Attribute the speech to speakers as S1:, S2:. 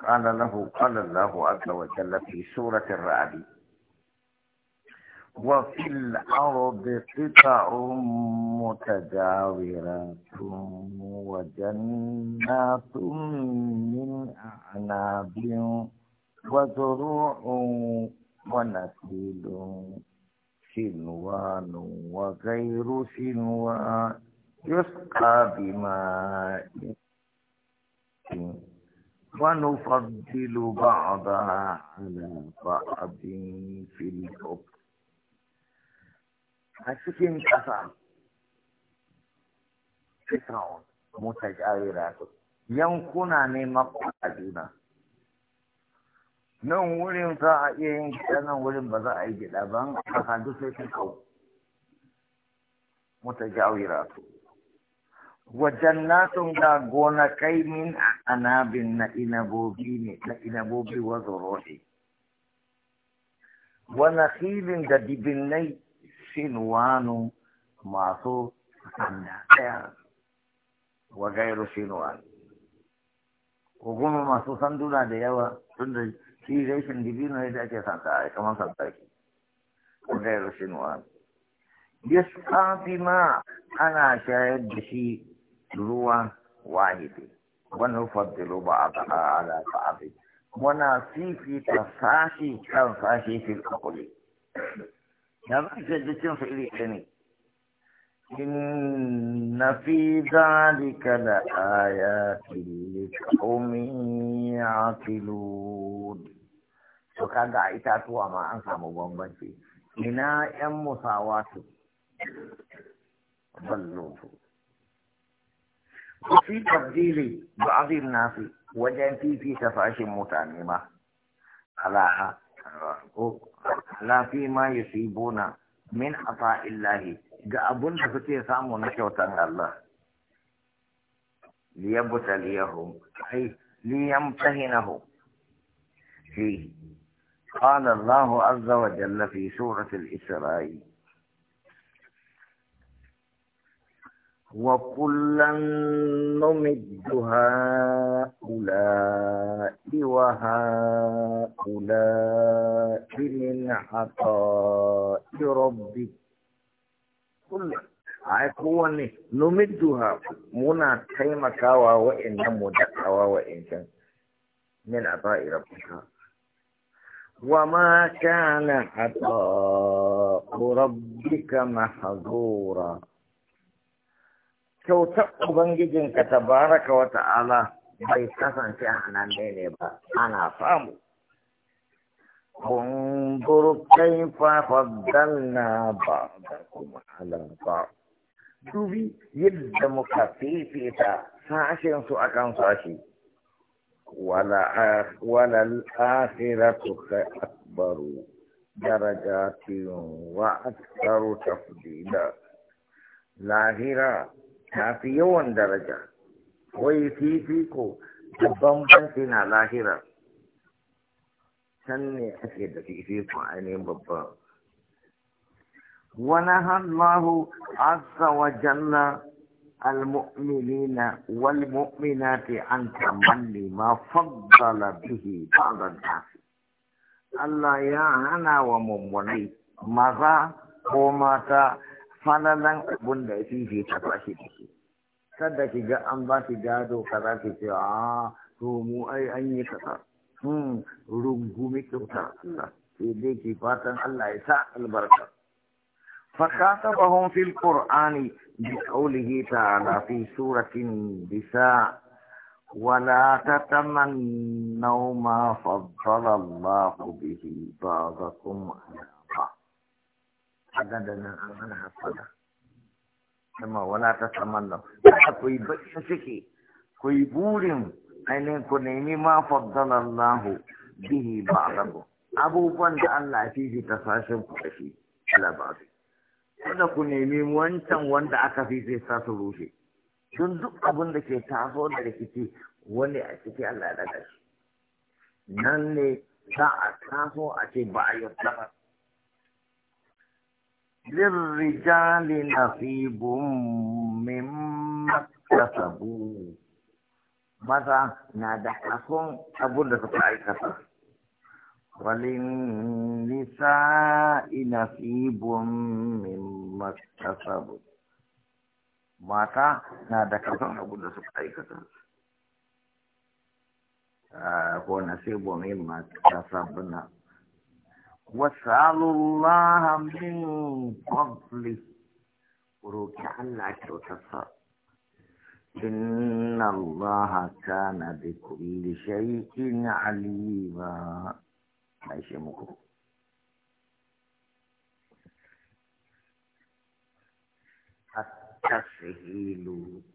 S1: قال له قال الله عز وجل في سورة الرعد وفي الأرض قطع متجاورات وجنات من أعناب وزروع ونخيل سنوان وغير سنوان يسقى بماء ونفضل بعضها على بعض في الحب أشكين كفا فكرة متجاورات yankuna ne makwata juna nan wurin za a iya yin gida wurin ba za a yi gida ba a hadu sai kan kawo mutajawira to wa jannatun na gonakai min anabin na ina inabobi ne na ina inabobi wa zuruhi wa nakhilin da dibinnai sinwanu masu sanda ɗaya wa gairu sinwanu ko kuma masu sanduna da yawa tun da shi rashin dibino ne da ake santa a kamar santa ke wa gairu sinwanu yasqa ma ana shayar da shi ruwa wahidi wannan fadilu ba a ala ba'adi muna fifita sashi kan sashi fil akuli da za ka ji cin su iri ne inna fi zalika la ayatin liqaumin yaqilun to kaga a itatuwa ma an samu bambanci ina yan musawa ballo su وفي تفضيل بعض الناس وجن في في تفاش متعلمة على لا فيما يصيبون من عطاء الله جابون abun سامو suke samu الله ليبت Allah ليبتليهم أي ليمتهنهم فيه قال الله عز وجل في سورة الإسرائيل وكلا نمد هؤلاء وهؤلاء من عطاء ربك كلا عقواني نمدها منا كيما كاوا وإن مدعوا وإن كان من عطاء ربك وما كان عطاء ربك محظورا kyautar ubangijinka ta baraka wa ta'ala bai kasance a hannun ne ba ana samu انظر ba da kuma halar ba dubi yadda muka fifita sashen su akan sashi wala ah, al'afiratu kai akbaru darajatin wa aksaru tafdila lahira tafi yawan daraja wai fifiko babban fanci na lahira can ne ake da fifiko a ne babban wani hannahu azza wa janna almu'minina walmu'minati an tamalli ma faddala bihi ba'da Allah ya hana wa mummunai maza ko mata falalan abun da ya fifita ba shi da shi kada ki ga an ba ki gado kaza ki ce a ah, to mu ai an yi kaza hmm rungumi kyauta Allah sai dai ki fatan Allah ya sa albarka فكاتبهم في القرآن بقوله تعالى في سورة النساء ولا تتمنوا ما فضل الله به بعضكم على haɗa da nan an hana hasada kuma wala ta saman nan ku yi bakin ciki ku yi burin ainihin ku nemi ma faddalar lahu bihi ba a abubuwan da Allah ya ta sashen ku da shi labari kada ku nemi wancan wanda aka fi sa su rushe don duk abin da ke taso da rikici wani a ciki Allah ya daga shi nan ne za a taso a ce ba a yi للرجال نصيب مما اكتسبوا ماذا نادحكم أبونا تتعيكتا وللنساء نصيب مما اكتسبوا mata na da kasan abin suka aikata ko nasibu mimma kasabna min fadli roki Allah kyautarsa inna Allah kana na kulli shay'in alima aishe muku at